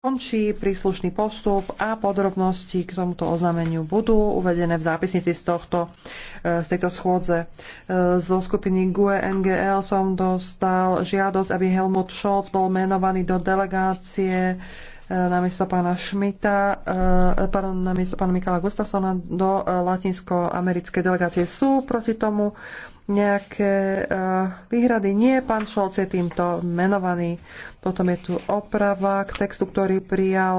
Končí príslušný postup a podrobnosti k tomuto oznámeniu budú uvedené v zápisnici z, tohto, e, z tejto schôdze. E, zo skupiny GUE NGL som dostal žiadosť, aby Helmut Scholz bol menovaný do delegácie namiesto pána Šmita, eh, pardon, namiesto pána Mikala Gustafsona do eh, latinskoamerickej delegácie. Sú proti tomu nejaké eh, výhrady? Nie, pán Šolc je týmto menovaný. Potom je tu oprava k textu, ktorý prijal